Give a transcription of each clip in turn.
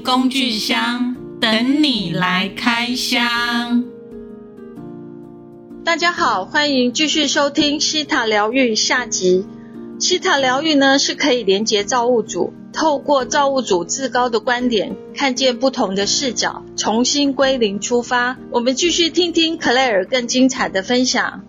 工具箱等你來開箱。大家好，歡迎繼續收聽希塔療癒下集。希塔療癒呢，是可以連接造物主，透過造物主至高的觀點，看見不同的視角，重新歸零出發。我們繼續聽聽 Claire 更精彩的分享。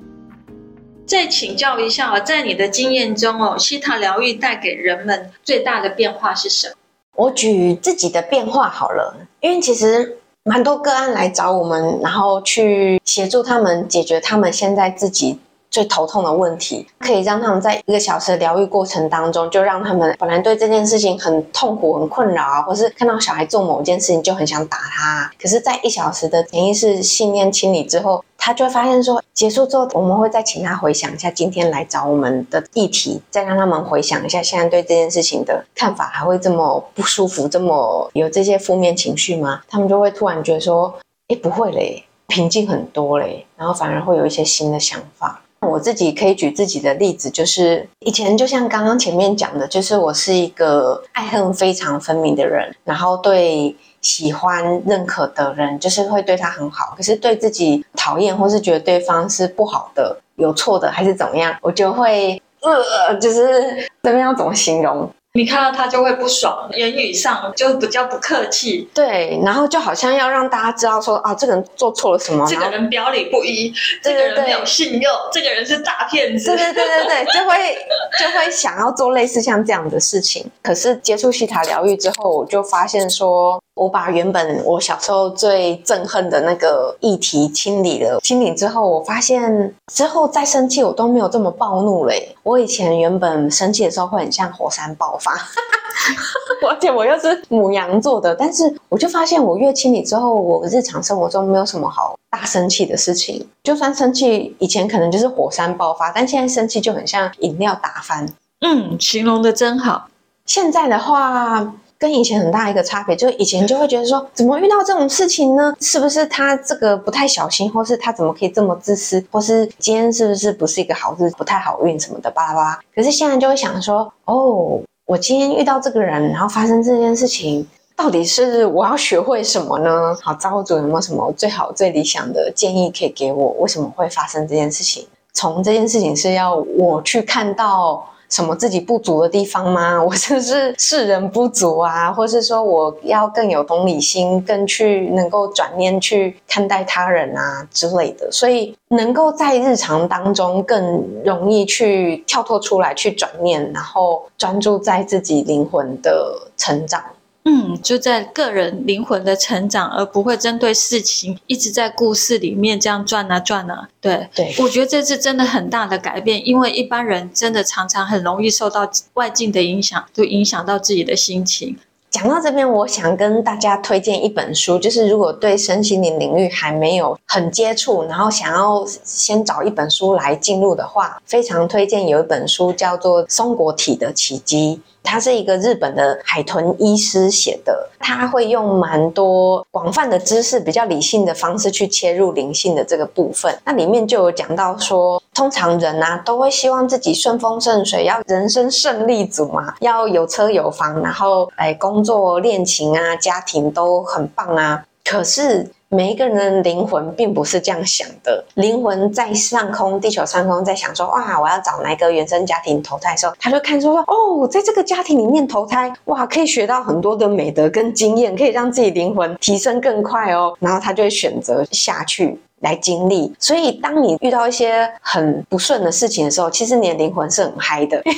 再請教一下哦，在你的經驗中哦，希塔療癒帶給人們最大的變化是什麼？我舉自己的變化好了，因為其實蠻多個案來找我們，然後去協助他們解決他們現在自己最頭痛的問題，可以讓他們在一個小時的療癒過程當中，就讓他們本來對這件事情很痛苦、很困擾啊，或是看到小孩做某件事情就很想打他，可是在一小時的潛意識信念清理之後，他就會發現說，結束之後我們會再請他回想一下今天來找我們的議題，再讓他們回想一下現在對這件事情的看法，還會這麼不舒服、這麼有這些負面情緒嗎？他們就會突然覺得說，哎，不會嘞、欸，平靜很多嘞、欸，然後反而會有一些新的想法。我自己可以舉自己的例子，就是以前就像剛剛前面講的，就是我是一個愛恨非常分明的人，然後對喜歡、認可的人，就是會對他很好；可是對自己討厭或是覺得對方是不好的、有錯的還是怎麼樣，我就會呃，就是這邊要怎麼形容？你看到他就會不爽，言語上就比較不客氣。對，然後就好像要讓大家知道說啊，這個人做錯了什麼，這個人表裡不一，對對對，這個人沒有信用，這個人是詐騙子。對對對對對， 就會就會想要做類似像這樣的事情。可是接觸希塔療癒之後，我就發現說，我把原本我小時候最憎恨的那個議題清理了，清理之後，我發現之後再生氣我都沒有這麼暴怒了、欸。我以前原本生氣的時候會很像火山爆發 而且我又是牡羊座的，但是我就發現我越清理之後，我日常生活中沒有什麼好大生氣的事情，就算生氣，以前可能就是火山爆發，但現在生氣就很像飲料打翻。嗯，形容得真好。現在的話。跟以前很大一個差別，就是以前就會覺得說，怎麼遇到這種事情呢？是不是他這個不太小心，或是他怎麼可以這麼自私，或是今天是不是不是一個好日子，不太好運什麼的，巴拉巴拉。可是現在就會想說，哦，我今天遇到這個人，然後發生這件事情，到底是我要學會什麼呢？好，造物主有沒有什麼最好、最理想的建議可以給我？為什麼會發生這件事情？從這件事情是要我去看到。什麼自己不足的地方嗎？我就是世人不足啊，或是說我要更有同理心，更去能夠轉念去看待他人啊之類的，所以能夠在日常當中更容易去跳脫出來去轉念，然後專注在自己靈魂的成長。嗯，就在個人靈魂的成長，而不會針對事情，一直在故事裡面這樣轉啊轉啊。對，對我覺得這是真的很大的改變，因為一般人真的常常很容易受到外境的影響，就影響到自己的心情。講到這邊，我想跟大家推薦一本書，就是如果對身心靈領域還沒有很接觸，然後想要先找一本書來進入的話，非常推薦有一本書叫做《松果體的奇蹟》。他是一個日本的海豚醫師寫的，他會用蠻多廣泛的知識，比較理性的方式去切入靈性的這個部分。那裡面就有講到說，通常人吶啊都會希望自己順風順水，要人生勝利組嘛，要有車有房，然後哎工作戀情啊，家庭都很棒啊，可是，每一個人的靈魂並不是這樣想的，靈魂在上空，地球上空在想說，哇，我要找哪個原生家庭投胎的時候，他就看出說，哦，在這個家庭裡面投胎，哇，可以學到很多的美德跟經驗，可以讓自己靈魂提升更快哦，然後他就會選擇下去，來經歷，所以當你遇到一些很不順的事情的時候，其實你的靈魂是很嗨的， 就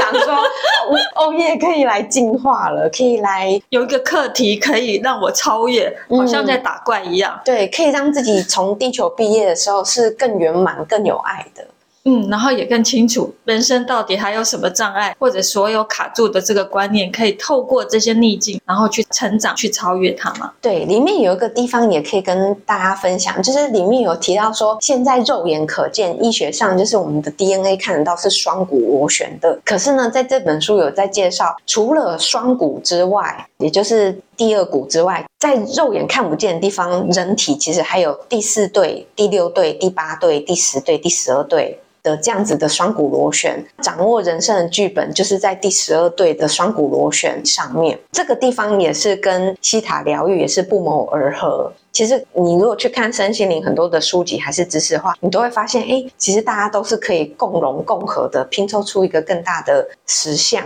想說，哦耶，可以來進化了，可以來有一個課題，可以讓我超越，嗯，好像在打怪一樣。對，可以讓自己從地球畢業的時候是更圓滿、更有愛的。嗯，然後也更清楚人生到底還有什麼障礙，或者所有卡住的這個觀念，可以透過這些逆境，然後去成長，去超越它嘛？對，裡面有一個地方也可以跟大家分享，就是裡面有提到說，現在肉眼可見，醫學上就是我們的 DNA 看得到是雙股螺旋的，可是呢，在這本書有在介紹，除了雙股之外。也就是第二股之外，在肉眼看不見的地方，人體其實還有第四對、第六對、第八對、第十對、第十二對的這樣子的雙股螺旋。掌握人生的劇本就是在第十二對的雙股螺旋上面。這個地方也是跟希塔療癒也是不謀而合。其實你如果去看身心靈很多的書籍還是知識的話，你都會發現，哎、欸，其實大家都是可以共融共合的，拼湊出一個更大的實相。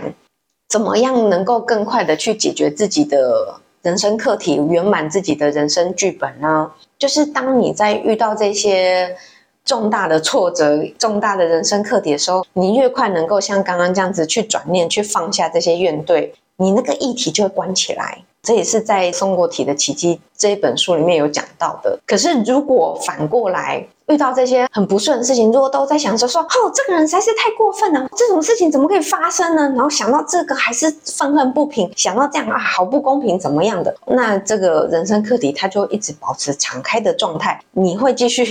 怎麼樣能夠更快的去解決自己的人生課題，圓滿自己的人生劇本呢？就是當你在遇到這些重大的挫折、重大的人生課題的時候，你越快能夠像剛剛這樣子去轉念、去放下這些怨懟，你那個議題就會關起來。這也是在《松果體的奇蹟》這一本書裡面有講到的。可是，如果反過來遇到這些很不順的事情，如果都在想着說，哦，這個人實在是太過分了，這種事情怎麼可以發生呢？然後想到這個還是憤憤不平，想到這樣啊，好不公平，怎麼樣的？那這個人生課題，它就一直保持敞開的狀態，你會繼續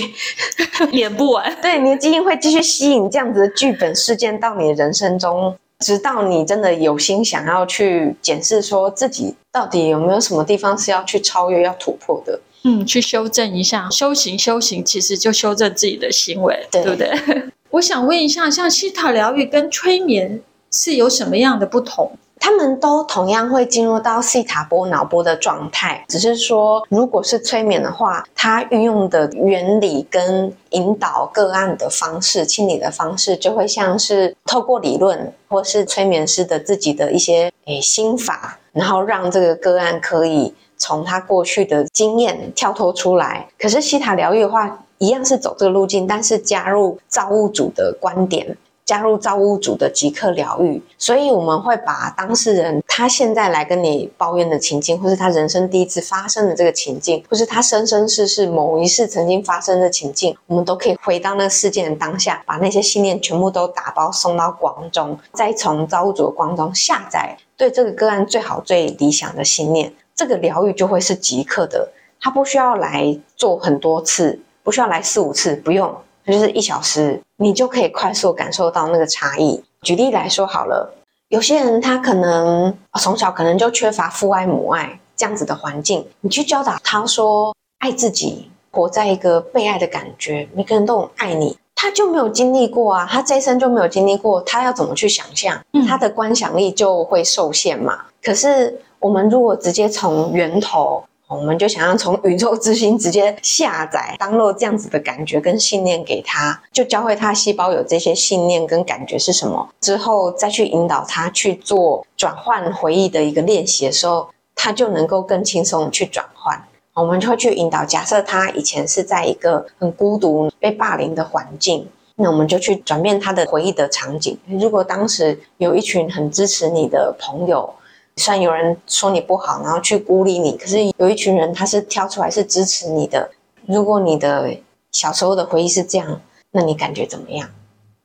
演不完。 對，你的基因會繼續吸引這樣子的劇本事件到你的人生中。直到你真的有心想要去檢視，說自己到底有沒有什麼地方是要去超越、要突破的，嗯，去修正一下修行。修行其實就修正自己的行為，對，對不對？我想問一下，像希塔療癒跟催眠是有什麼樣的不同？他們都同樣會進入到西塔波腦波的狀態，只是說，如果是催眠的話，它運用的原理跟引導個案的方式、清理的方式，就會像是透過理論或是催眠師的自己的一些誒心法，然後讓這個個案可以從他過去的經驗跳脫出來。可是希塔療癒的話，一樣是走這個路徑，但是加入造物主的觀點。加入造物主的即刻療癒，所以我們會把當事人他現在來跟你抱怨的情境，或是他人生第一次發生的這個情境，或是他生生世世某一世曾經發生的情境，我們都可以回到那個事件的當下，把那些信念全部都打包送到光中，再從造物主的光中下載對這個個案最好最理想的信念，這個療癒就會是即刻的，他不需要來做很多次，不需要來四五次，不用，就是一小時。你就可以快速感受到那個差異。舉例來說好了，有些人他可能、哦、從小可能就缺乏父愛母愛這樣子的環境，你去教導他說愛自己，活在一個被愛的感覺，每個人都很愛你，他就沒有經歷過啊，他這一生就沒有經歷過，他要怎麼去想象？嗯。他的觀想力就會受限嘛。可是我們如果直接從源頭。我們就想要從宇宙之心直接下載、download 這樣子的感覺跟信念給他，就教會他細胞有這些信念跟感覺是什麼，之後再去引導他去做轉換回憶的一個練習的時候，他就能夠更輕鬆去轉換。我們就會去引導，假設他以前是在一個很孤獨、被霸凌的環境，那我們就去轉變他的回憶的場景。如果當時有一群很支持你的朋友，雖然有人說你不好，然後去孤立你。可是有一群人，他是跳出來是支持你的。如果你的小時候的回憶是這樣，那你感覺怎麼樣？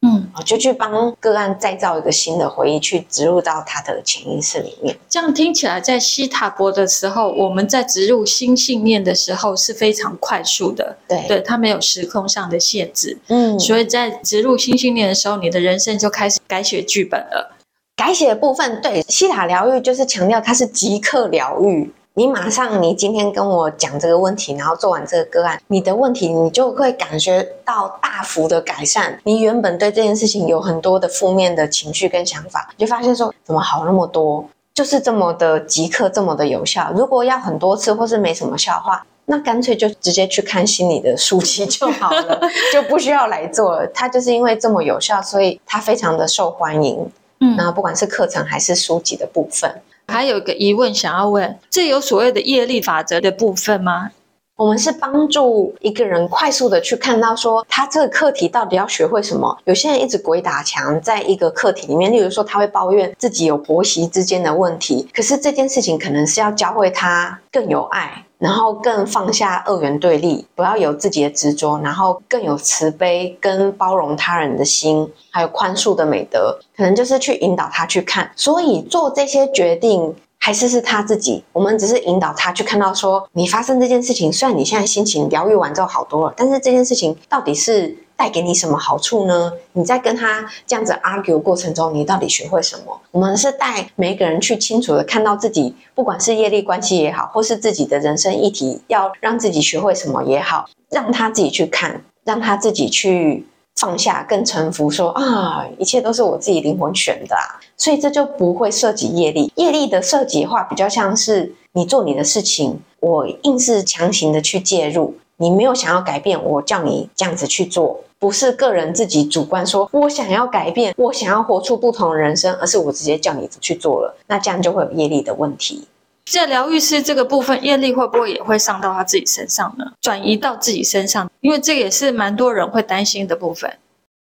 嗯，我就去幫個案再造一個新的回憶，去植入到他的潛意識裡面。這樣聽起來，在希塔波的時候，我們在植入新信念的時候是非常快速的。對，對，它沒有時空上的限制。嗯，所以在植入新信念的時候，你的人生就開始改寫劇本了。改寫的部分對，希塔療癒就是強調它是即刻療癒，你馬上你今天跟我講這個問題，然後做完這個個案，你的問題你就會感覺到大幅的改善。你原本對這件事情有很多的負面的情緒跟想法，你就發現說，怎麼好那麼多，就是這麼的即刻，這麼的有效。如果要很多次或是沒什麼效的話，那乾脆就直接去看心理的書籍就好了， 就不需要來做了。它就是因為這麼有效，所以它非常的受歡迎。然後，不管是課程還是書籍的部分。嗯，還有一個疑問想要問：這有所謂的業力法則的部分嗎？我們是幫助一個人快速的去看到說，說他這個課題到底要學會什麼。有些人一直鬼打牆，在一個課題裡面，例如說他會抱怨自己有婆媳之間的問題，可是這件事情可能是要教會他更有愛，然後更放下二元對立，不要有自己的執着然後更有慈悲跟包容他人的心，還有寬恕的美德，可能就是去引導他去看。所以做這些決定。還是是他自己，我們只是引導他去看到，說你發生這件事情，雖然你現在心情療癒完之後好多了，但是這件事情到底是帶給你什麼好處呢？你在跟他這樣子 argue 過程中，你到底學會什麼？我們是帶每個人去清楚的看到自己，不管是業力關係也好，或是自己的人生議題，要讓自己學會什麼也好，讓他自己去看，讓他自己去。放下更，更臣服，說啊，一切都是我自己靈魂選的，啊，所以這就不會涉及業力。業力的涉及的話，比較像是你做你的事情，我硬是強行的去介入，你沒有想要改變，我叫你這樣子去做，不是個人自己主觀說，我想要改變，我想要活出不同的人生，而是我直接叫你去做了，那這樣就會有業力的問題。在療癒師這個部分，業力會不會也會上到他自己身上呢？轉移到自己身上，因為這也是蠻多人會擔心的部分。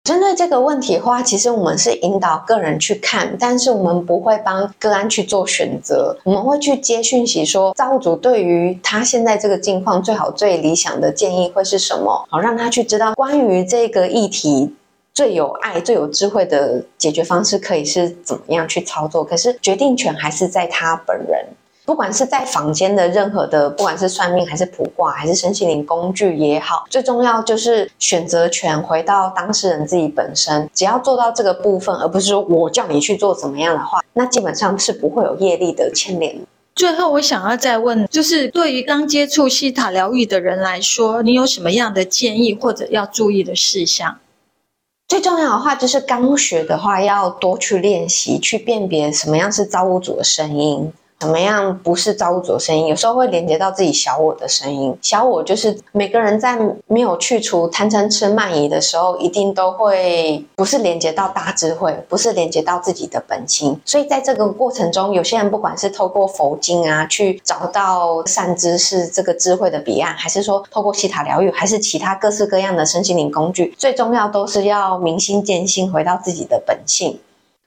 針對這個問題的話，其實我們是引導個人去看，但是我們不會幫個案去做選擇。我們會去接訊息說，說造物主對於他現在這個境況最好、最理想的建議會是什麼？好，讓他去知道關於這個議題最有愛、最有智慧的解決方式可以是怎麼樣去操作。可是決定權還是在他本人。不管是在坊間的任何的，不管是算命、還是卜卦、還是身心靈工具也好，最重要就是選擇權回到當事人自己本身，只要做到這個部分，而不是說我叫你去做怎麼樣的話，那基本上是不會有業力的牽連。最後，我想要再問，就是對於剛接觸希塔療癒的人來說，你有什麼樣的建議或者要注意的事項？最重要的話就是剛學的話，要多去練習，去辨別什麼樣是造物主的聲音。怎麼樣？不是造物主的聲音，有時候會連接到自己小我的聲音。小我就是每個人在沒有去除貪嗔痴慢疑的時候，一定都會不是連接到大智慧，不是連接到自己的本性。所以在這個過程中，有些人不管是透過佛經啊去找到善知識這個智慧的彼岸，還是說透過希塔療癒，還是其他各式各樣的身心靈工具，最重要都是要明心見性，回到自己的本性。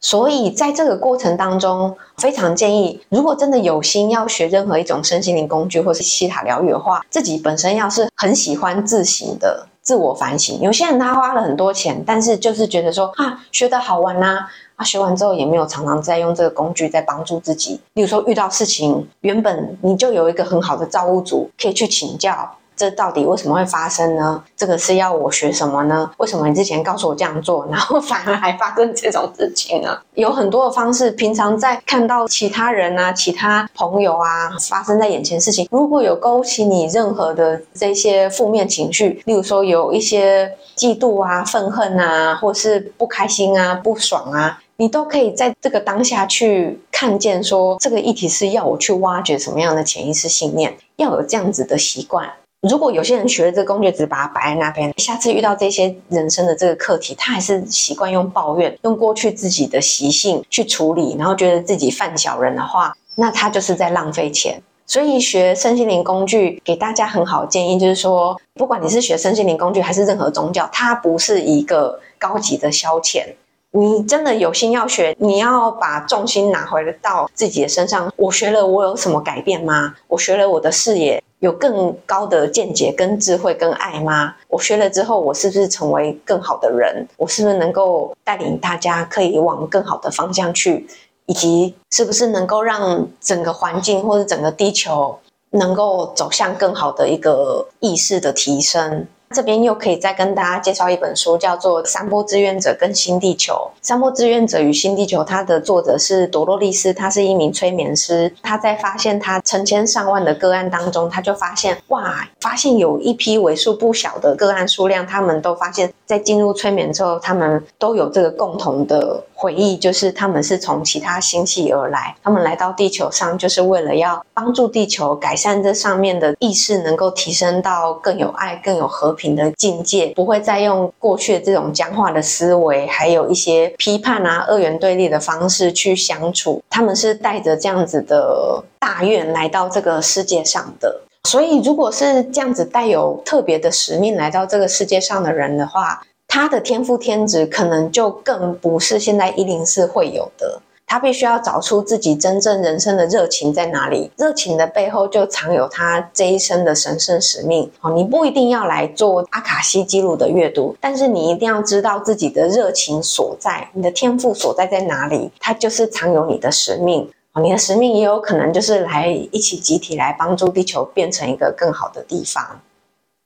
所以，在這個過程當中，非常建議，如果真的有心要學任何一種身心靈工具或是希塔療癒的話，自己本身要是很喜歡自省的、自我反省。有些人他花了很多錢，但是就是覺得說啊，學得好玩啊，啊，學完之後也沒有常常在用這個工具在幫助自己。比如說遇到事情，原本你就有一個很好的造物主可以去請教。這到底為什麼會發生呢？這個是要我學什麼呢？為什麼你之前告訴我這樣做，然後反而還發生這種事情呢？啊？有很多的方式，平常在看到其他人啊，其他朋友啊，發生在眼前事情，如果有勾起你任何的這些負面情緒，例如說有一些嫉妒啊、憤恨啊，或是不開心啊、不爽啊，你都可以在這個當下去看見說，說這個議題是要我去挖掘什麼樣的潛意識信念，要有這樣子的習慣。如果有些人學了這個工具，只是把它擺在那邊，下次遇到這些人生的這個課題，他還是習慣用抱怨、用過去自己的習性去處理，然後覺得自己犯小人的話，那他就是在浪費錢。所以學身心靈工具給大家很好的建議，就是說，不管你是學身心靈工具還是任何宗教，它不是一個高級的消遣。你真的有心要學，你要把重心拿回到自己的身上。我學了，我有什麼改變嗎？我學了我的視野有更高的見解、跟智慧、跟愛嗎？我學了之後，我是不是成為更好的人？我是不是能夠帶領大家可以往更好的方向去？以及是不是能夠讓整個環境或者整個地球能夠走向更好的一個意識的提升？這邊又可以再跟大家介紹一本書，叫做《三波志願者跟新地球》。《三波志願者與新地球》，它的作者是朵洛麗絲，她是一名催眠師。她在發現她成千上萬的個案當中，她就發現，哇，發現有一批為數不小的個案數量，他們都發現。在進入催眠之後，他們都有這個共同的回憶，就是他們是從其他星系而來，他們來到地球上就是為了要幫助地球改善這上面的意識，能夠提升到更有愛、更有和平的境界，不會再用過去的這種僵化的思維，還有一些批判啊、二元對立的方式去相處。他們是帶着這樣子的大願來到這個世界上的。所以，如果是這樣子帶有特別的使命來到這個世界上的人的話，他的天賦天職可能就更不是現在一零四會有的。他必須要找出自己真正人生的熱情在哪裡，熱情的背後就藏有他這一生的神聖使命。哦，你不一定要來做阿卡西記錄的閱讀，但是你一定要知道自己的熱情所在，你的天賦所在在哪裡，它就是藏有你的使命。你的使命也有可能就是來一起集體來幫助地球變成一個更好的地方。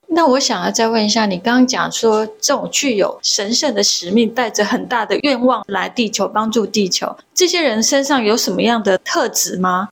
那我想要再問一下，你剛剛講說這種具有神聖的使命、帶着很大的願望來地球幫助地球，這些人身上有什麼樣的特質嗎？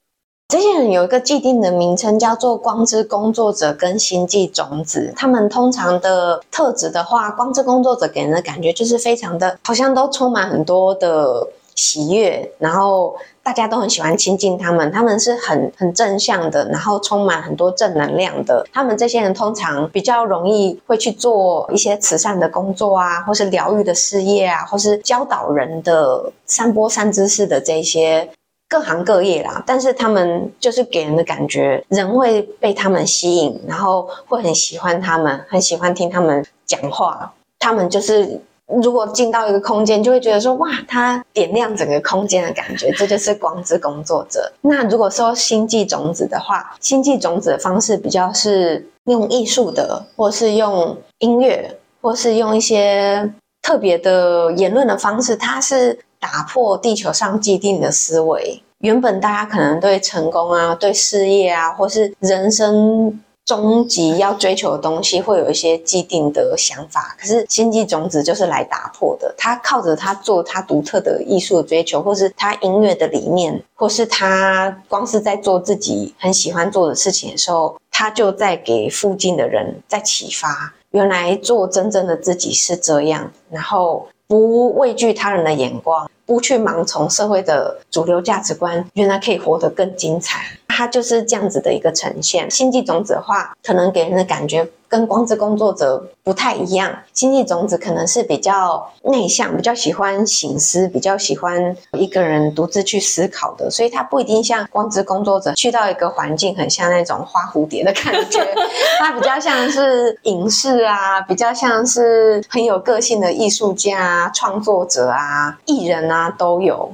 這些人有一個既定的名稱，叫做光之工作者跟星際種子。他們通常的特質的話，光之工作者給人的感覺就是非常的，好像都充滿很多的。喜悅，然後大家都很喜歡親近他們，他們是很很正向的，然後充滿很多正能量的。他們這些人通常比較容易會去做一些慈善的工作啊，或是療癒的事業啊，或是教導人的、傳播善知識的這些各行各業啦。但是他們就是給人的感覺，人會被他們吸引，然後會很喜歡他們，很喜歡聽他們講話。他們就是。如果進到一個空間，就會覺得說哇，它點亮整個空間的感覺，這就是光之工作者。 那如果說星際種子的話，星際種子的方式比較是用藝術的，或是用音樂，或是用一些特別的言論的方式，它是打破地球上既定的思維。原本大家可能對成功啊、對事業啊，或是人生。終極要追求的東西，會有一些既定的想法。可是星際種子就是來打破的。他靠着他做他獨特的藝術的追求，或是他音樂的理念，或是他光是在做自己很喜歡做的事情的時候，他就在給附近的人在啟發：原來做真正的自己是這樣。然後不畏懼他人的眼光，不去盲從社會的主流價值觀，原來可以活得更精彩。它就是這樣子的一個呈現。星際種子的話，可能給人的感覺跟光之工作者不太一樣。星際種子可能是比較內向，比較喜歡省思，比較喜歡一個人獨自去思考的。所以它不一定像光之工作者去到一個環境，很像那種花蝴蝶的感覺。 它比較像是隱士啊，比較像是很有個性的藝術家、創作者啊、藝人啊都有。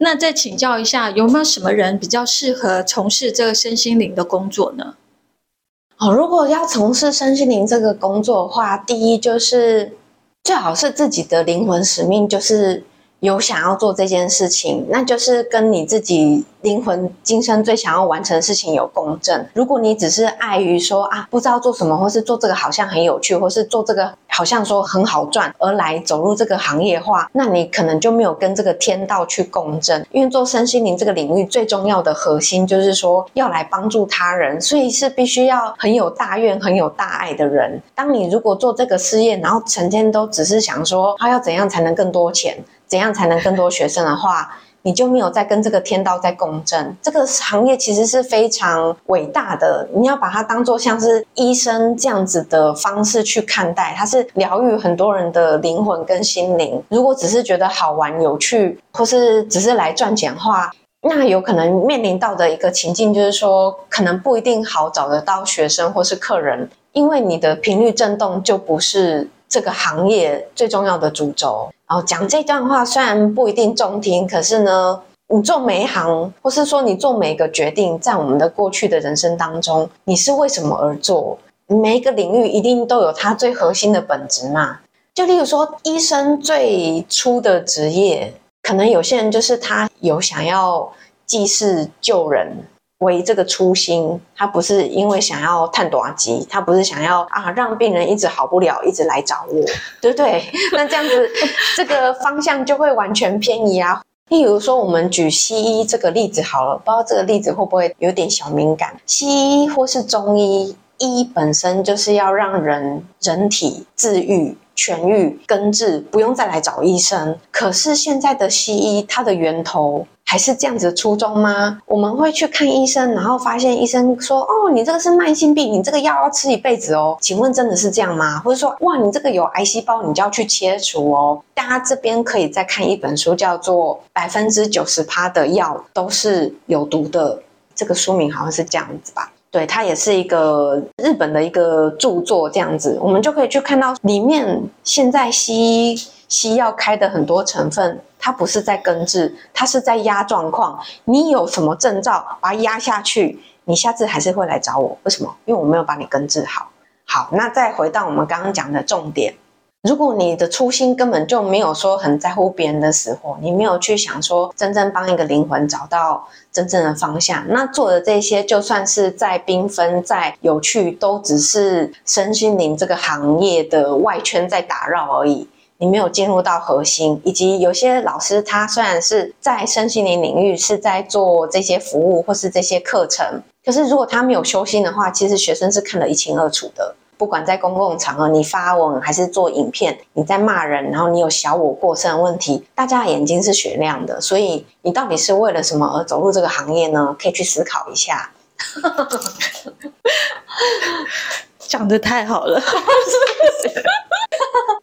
那再請教一下，有沒有什麼人比較適合從事這個身心靈的工作呢？哦，如果要從事身心靈這個工作的話，第一就是最好是自己的靈魂使命就是。有想要做這件事情，那就是跟你自己靈魂今生最想要完成的事情有共振。如果你只是礙於說啊，不知道做什麼，或是做這個好像很有趣，或是做這個好像說很好賺而來走入這個行業的話，那你可能就沒有跟這個天道去共振。因為做身心靈這個領域最重要的核心就是說，要來幫助他人，所以是必須要很有大願、很有大愛的人。當你如果做這個事業，然後成天都只是想說他、啊、要怎樣才能更多錢，怎樣才能更多學生的話，你就沒有在跟這個天道在共振。這個行業其實是非常偉大的，你要把它當做像是醫生這樣子的方式去看待，它是療癒很多人的靈魂跟心靈。如果只是覺得好玩有趣，或是只是來賺錢的話，那有可能面臨到的一個情境就是說，可能不一定好找得到學生或是客人，因為你的頻率震動就不是這個行業最重要的主軸。哦，講這段話雖然不一定中聽，可是呢，你做每一行，或是說你做每一個決定，在我們的過去的人生當中，你是為什麼而做？每一個領域一定都有它最核心的本質嘛。就例如說，醫生最初的職業，可能有些人就是他有想要濟世救人。為這個初心，他不是因為想要探短期，他不是想要啊，讓病人一直好不了，一直來找我，對不對？那這樣子， 這個方向就會完全偏移啊。例如說，我們舉西醫這個例子好了，不知道這個例子會不會有點小敏感？西醫或是中醫，醫本身就是要讓人人體治癒、痊癒、根治，不用再來找醫生。可是現在的西醫，它的源頭。還是這樣子的初衷嗎？我們會去看醫生，然後發現醫生說：“哦，你這個是慢性病，你這個藥要吃一輩子哦。”請問真的是這樣嗎？或者說，哇，你這個有癌細胞，你就要去切除哦？大家這邊可以再看一本書，叫做《百分之九十趴的藥都是有毒的》，這個書名好像是這樣子吧？對，它也是一個日本的一個著作，這樣子，我們就可以去看到裡面現在西醫。西藥開的很多成分，它不是在根治，它是在壓狀況。你有什麼症狀把它壓下去，你下次還是會來找我，為什麼？因為我沒有把你根治好。好，那再回到我們剛剛講的重點，如果你的初心根本就沒有說很在乎別人的死活，你沒有去想說真正幫一個靈魂找到真正的方向，那做的這些就算是再繽紛、再有趣，都只是身心靈這個行業的外圈在打擾而已。你沒有進入到核心，以及有些老師他雖然是在身心靈領域，是在做這些服務或是這些課程，可是如果他沒有修心的話，其實學生是看得一清二楚的。不管在公共場合你發文還是做影片，你在罵人，然後你有小我過剩問題，大家的眼睛是雪亮的。所以你到底是為了什麼而走入這個行業呢？可以去思考一下。 講的太好了 是是笑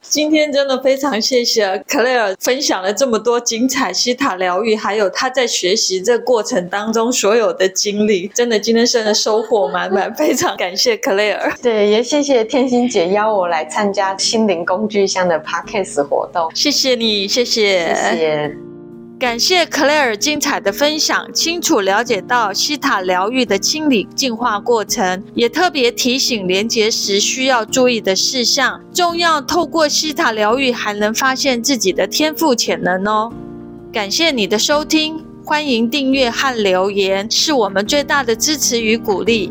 今天真的非常謝謝 Claire 分享了這麼多精彩西塔療癒，還有她在學習這過程當中所有的經歷，真的今天真的收穫滿滿， 非常感謝 Claire，對，也謝謝天心姐邀我來參加心靈工具箱的 podcast 活動，謝謝你，謝謝，謝謝。感謝 Claire 精彩的分享，清楚了解到希塔療癒的清理淨化過程，也特別提醒連結時需要注意的事項。重要，透過希塔療癒還能發現自己的天賦潛能哦！感謝你的收聽，歡迎訂閱和留言，是我們最大的支持與鼓勵。